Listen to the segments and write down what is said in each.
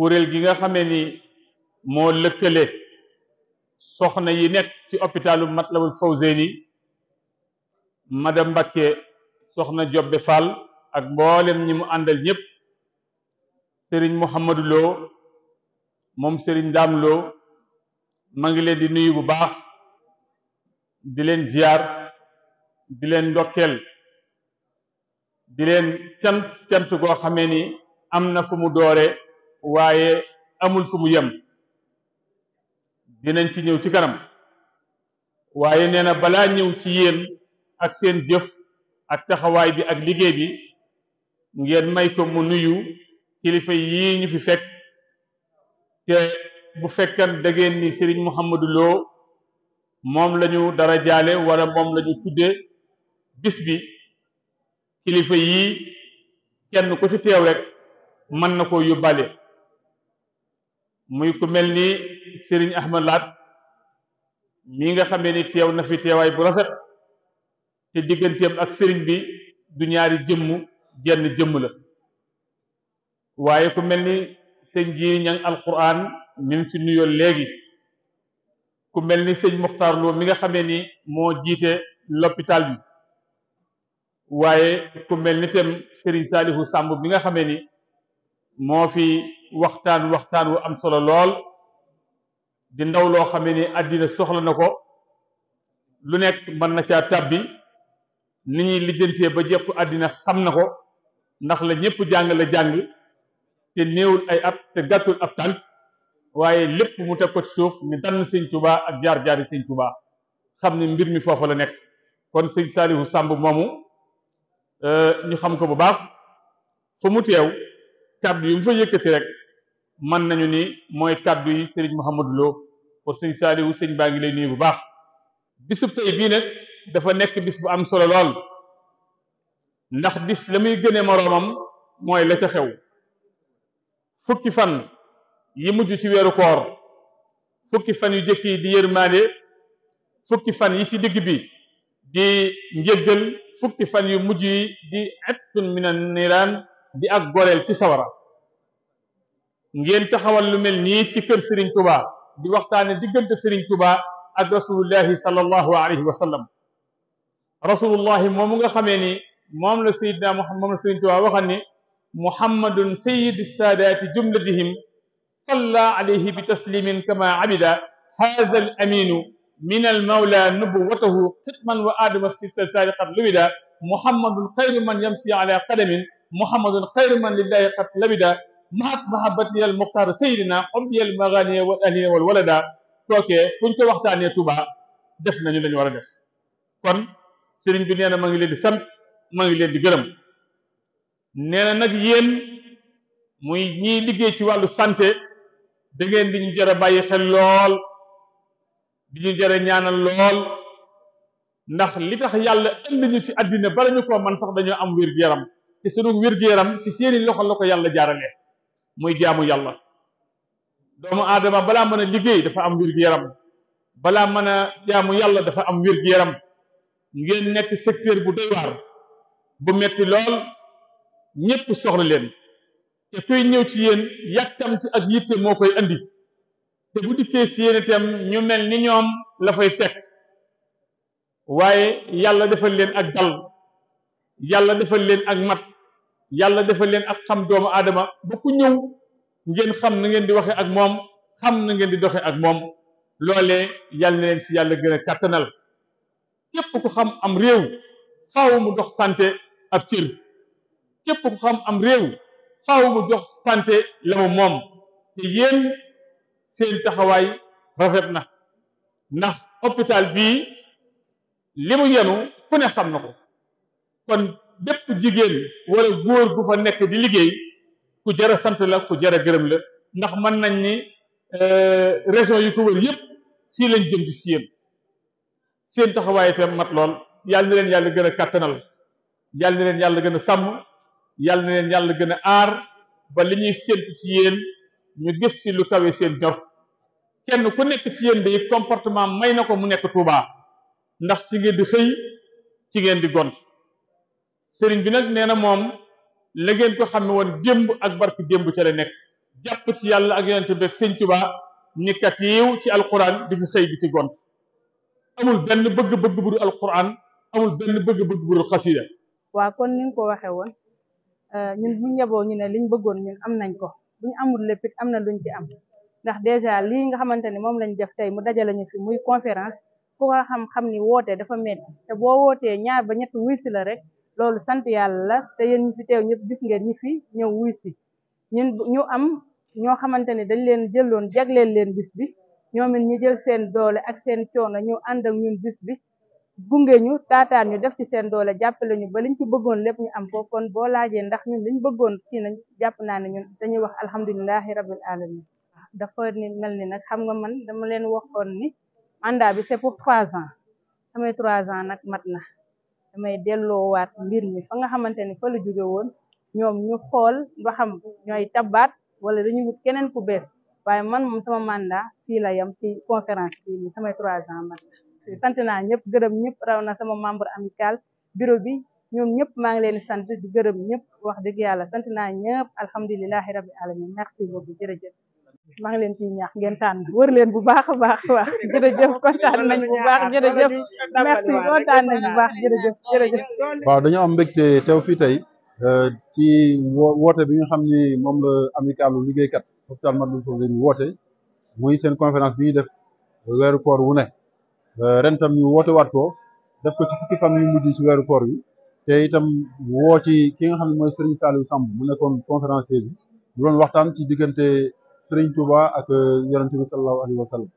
kuréel gi nga xamee ni moo lëkkale soxna yi nekk ci hôpitalu Matlabul Fawzeyni madame Mbakke soxna Jobbe Fall ak mboolem ñi mu àndal ñëpp sëriñ Mouhamadou moom sëriñ Dame Lo ma ngi leen di nuyu bu baax di leen ziar di leen ndokkeel di leen cant cant goo xamee ni am na fu mu doore waaye amul fu mu yem dinañ ci ñëw ci kanam waaye nee na balaa ñëw ci yéen ak seen jëf ak taxawaay bi ak liggéey bi ngeen may ko mu nuyu kilifa yii ñu fi fekk te bu fekkan da ngeen ni Serigne Mouhamadou Lo moom lañu dara jaale wala moom lañu tudde bis bi kilifa yii kenn ku ci teew rek mën na koo yóbbaale muy ku mel ni sëriñ Ahmad Laat nga xamee ni teew na fi teewaay bu rafet te digganteem ak sëriñ bi du ñaari jëmm jenn jëmm la waaye ku mel ni sëñ jii ñang alquran min fi nuyoo léegi ku mel ni sëñ Muxtaar Lo mi nga xamee ni moo jiite l'hôpital bi waaye ku mel ni tam Serigne Saalihu Sàmb bi nga xame ni moo fi waxtaan waxtaan wu am solo lool di ndaw loo xamee ni àddina soxla na ko lu nekk mën na caa tàbbi ni ñuy lijjantee ba jëpp àddina xam na ko ndax la ñëpp jàng la jàng te néewul ay at te gàttul ab tànk waaye lépp mu teg ko ci suuf mi dann sëñ tubaa ak jaar-jaari jaar sëñ tubaa xam ni mbir mi foofu la nekk kon sëñ saalihu sàmb moomu euh, ñu xam ko bu baax fu mu teew kàddu yu mu fa yëkkati rek mën nañu ni mooy kàddu yi sëriñ Mouhamadou Lo pour sëriñ Saaliwu sëriñ baa ngi lay nuyu bu baax bisub tey bii nag dafa nekk bis bu am solo lool ndax bis la muy gënee moroomam mooy la ca xew fukki fan yi mujj ci weeru koor fukki fan yu jëkk yi di yërmaande fukki fan yi ci digg bi di njëggal fukki fan yu mujj yi di etun minan niiraan di ak goreel ci sawara ngeen taxawal lu mel nii ci kër Serigne Touba di waxtaane diggante Serigne Touba ak rasulullahi sallallahu alayhi wa sallam rasulullahi moomu nga xamee ni moom la sayidna Muhammad moom la Serigne Touba waxal ni muhammadun sayidi saadaati jumlatihim salla alayhi bi taslimin kama abida haada al aminu min al mawla nubuwatahu xitman wa adama fi silsaali qad lubida muhammadun xayru man yamsi ala qadamin muhammadun xayru man lillahi qad labida maak mahabbati al muxtaar sayidina xobbi al magaani wal ahli wal walada kookee fuñ ko waxtaanee tubaa def nañu lañu war a def kon sëriñ bi nee na ma ngi leen di sant ma ngi leen di gërëm nee nag yéen muy ñiy liggéey ci wàllu santé da ngeen di ñu jare bàyyi xel lool di ñu jare a ñaanal lool ndax li tax yàlla indi ñu ci àddina bala ñu koo man sax dañoo am wér yaram te sunu wér yaram ci seeni loxo la ko yàlla jaarale muy jaamu yàlla doomu aadama balaa mën a liggéey dafa am wér yaram balaa mën a jaamu yàlla dafa am wér yaram ngeen nekk secteur bu doy waar bu metti lool ñëpp soxla leen te kuy ñëw ci yéen yàkkamt ak yitte moo koy indi te bu dikkee si yéen itam ñu mel ni ñoom la fay fekk waaye yàlla defal leen ak dal yàlla defal leen ak mat yàlla defal leen ak xam doomu aadama ba ku ñëw ngeen xam na ngeen di waxee ak moom xam na ngeen di doxe ak moom loole yàlla na leen si yàlla gën kàttanal képp ku xam am réew faaw mu dox santé ab cër képp am réew faaw mu dox santé la mu moom te yéen seen taxawaay rafet na ndax hôpital bii li mu yenu ku ne xam na ko kon bépp jigéen wala góor gu fa nekk di liggéey ku jar a sant la ku jar a gërëm la ndax mën nañ ni euh, région yi ko wër yëpp si lañ jëm di si yéen seen taxawaay itam mat lool yàlla na leen yàlla gën a kàttanal yàlla na leen yàlla gën a sàmm yàlla na leen yàlla gën a aar ba li ñuy séntu ci yéen ñu gis si lu kawe seen jort kenn ku nekk ci yéen day comportement may na ko mu nekk Tuubaa ndax ci ngeen di xëy ci ngeen di gont sëriñ bi nag nee na moom la ngeen xam ne woon démb ak barki démb ca la nekk jàpp ci yàlla ak yonente bi ak sëñ Tuubaa ni kat yiw ci alquran di fi xëy di ci gont amul benn bëgg-bëgg bu dul alquran amul benn bëgg-bëgg bu dul xasida waaw kon ni nga ko waxee woon euh, ñun bu njaboo ñu ne liñ bëggoon ñu am nañ ko buñu amul lépp am na luñ ci am ndax dèjà lii nga xamante ni moom lañ def tey mu dajale ñu fi muy conférence ku ko xam-xam ni wootee dafa metti te boo wootee ñaar ba ñett wuy si rek loolu sant yàlla la te yéen ñu fi teew ñëpp gis ngeen ñi fi ñëw wuy si ñun ñu am ñoo xamante ne dañ leen jëloon jagleel leen bis bi ñoom ñu jël seen doole ak seen coono ñu ànd ak ñun bis bi gunge ñu taataan ñu def ci seen doole jàppale ñu ba liñ ci bëggoon lépp ñu am ko kon boo laajee ndax ñun liñ bëggoon kii nañ jàpp naa ne ñun dañuy wax alhamdulilahi rabbil alamin dafa ni mel ni nag xam nga man dama leen waxoon ni mandat bi c'est pour trois ans samay trois ans nag mat na damay delloowaat mbir mi fa nga xamante ni fa la jóge woon ñoom ñu xool ba xam ñooy tabaat wala dañu wut keneen ku bees waaye man moom sama mandat fii la yem ci conférence bi ni samay trois ans man sant naa ñëpp gërëm ñëpp raw na sama membre amical bureau bi ñoom ñëpp maa ngi leen sant di gërëm ñëpp wax dëgg yàlla sant naa ñëpp alhamdulilahi rabbi alamin merci beaucoup jërëjëf maa ngi leen ciy ñaax ngeen tànn leen bu baax a baax a baax jërëjëf kontaan kontaan nañ bu baax jërëjëf jërëjëf. waaw dañoo am mbégte tew fii tey euh, ci woote bi nga xam ni moom la amicalu liggéeykat hôpital Matlaboul Fawzeyni woote muy seen conférence bi ñuy def weeru koor wu ne euh, ren tam ñu woote waat ko def ko ci fukki fan yu mujj ci weeru wi te itam woo ci ki nga xam ne mooy Serigne Saliou Samb mu nekkoon conférencier bi mu waxtaan ci diggante. Serigne Touba ak euh, yonente bi sallallahu alayhi wa sallam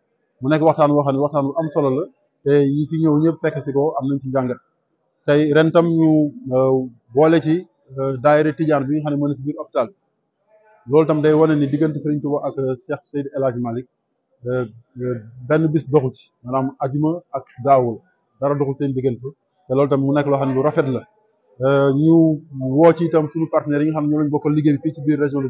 mu nekk waxtaan woo xam ne waxtaan lu am solo la te ñi fi ñëw ñëpp fekk si ko am nañ ci njàngat tey ren tam ñu euh, boole ci euh, daayira tijaan bi nga xam ne moo ne ci biir hôpital loolu tam day wane ni diggante Serigne Touba ak Cheikh Seydou El Hadj Malick benn bis doxu ci maanaam ajuma ak daawul dara doxu seen diggante te loolu tam mu nekk loo xam ne lu rafet la ñu woo ci itam suñu partenaires yi nga xam ne ñoo lañ bokkal ci biir région de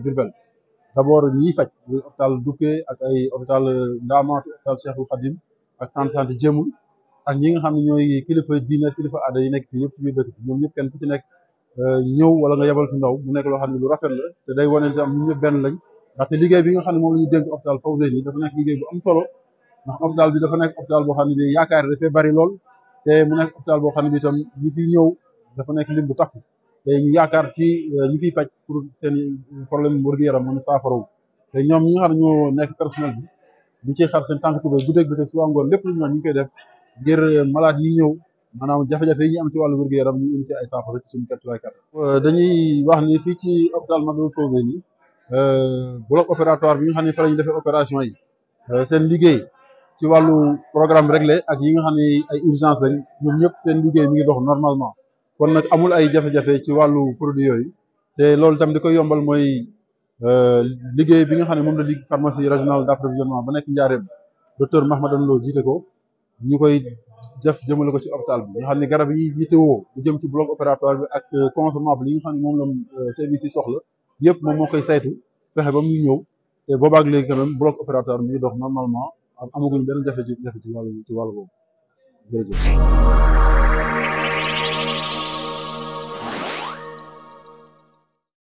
d' abord ñiy faj muy hôpital Duké ak ay hôpital euh, Ndaamaatu hôpital Cheikhul Khadim ak centre santé Jéemul ak ñi nga xam ne ñooy kilifa diine kilifa aada yi nekk fii yëpp ci biir dëkk bi ñoom ñëpp kenn ku ci nekk euh, ñëw wala nga yebal fi ndaw mu nekk loo xam ne lu rafet la te day wane am ñun ñëpp benn lañ ndaxte liggéey bi nga xam ne moom la ñu dénk hôpital Fawzeyni dafa nekk liggéey bu am solo ndax hôpital bi dafa nekk hôpital boo xam ne bi yaakaar dafay bari lool te boo xam ne bi itam ñi fi ñëw dafa nekk lim bu takku te yaakaar ci euh, ñi fiy faj pour seen problème wér-gu-yaram mën a te ñoom ñi nga xam ne ñoo nekk personnel bi ñu ciy xar seen tànk tubéy guddeeg bëccëg suba ngoon lépp lu ñu ñu koy def ngir euh, malaat yi ñëw maanaam jafe-jafe yi ñu am ci wàllu wér-gu-yaram ñu indi ay saafara ci suñu kàttu kat euh, dañuy wax ni fii ci hôpital Matlaboul Fawzeyni bloc opératoire bi nga xam ne fa la ñu defee opération yi seen liggéey ci wàllu programme réglé ak yi nga xam ne ay urgence lañ ñoom ñëpp seen liggéey mi ngi dox normalement kon nag amul ay jafe-jafe ci wàllu produit yooyu te loolu tam di koy yombal mooy euh, liggéey bi nga xam ne moom la ligue pharmacie régionale d'approvisionnement ba nekk Njaareem docteur Mahmadane Lo jiite ko ñu koy def jëmale ko ci hôpital bi nga xam ne garab yi yittewoo lu jëm ci bloc opératoire bi ak euh, consommable yi nga xam ne moom la euh, service yi soxla yëpp moom moo koy saytu fexe ba muy ñëw te boobaak léegi quand même bloc opératoire mi ngi dox normalement amaguñ benn jafe-jafe ci wàllu ci wàllu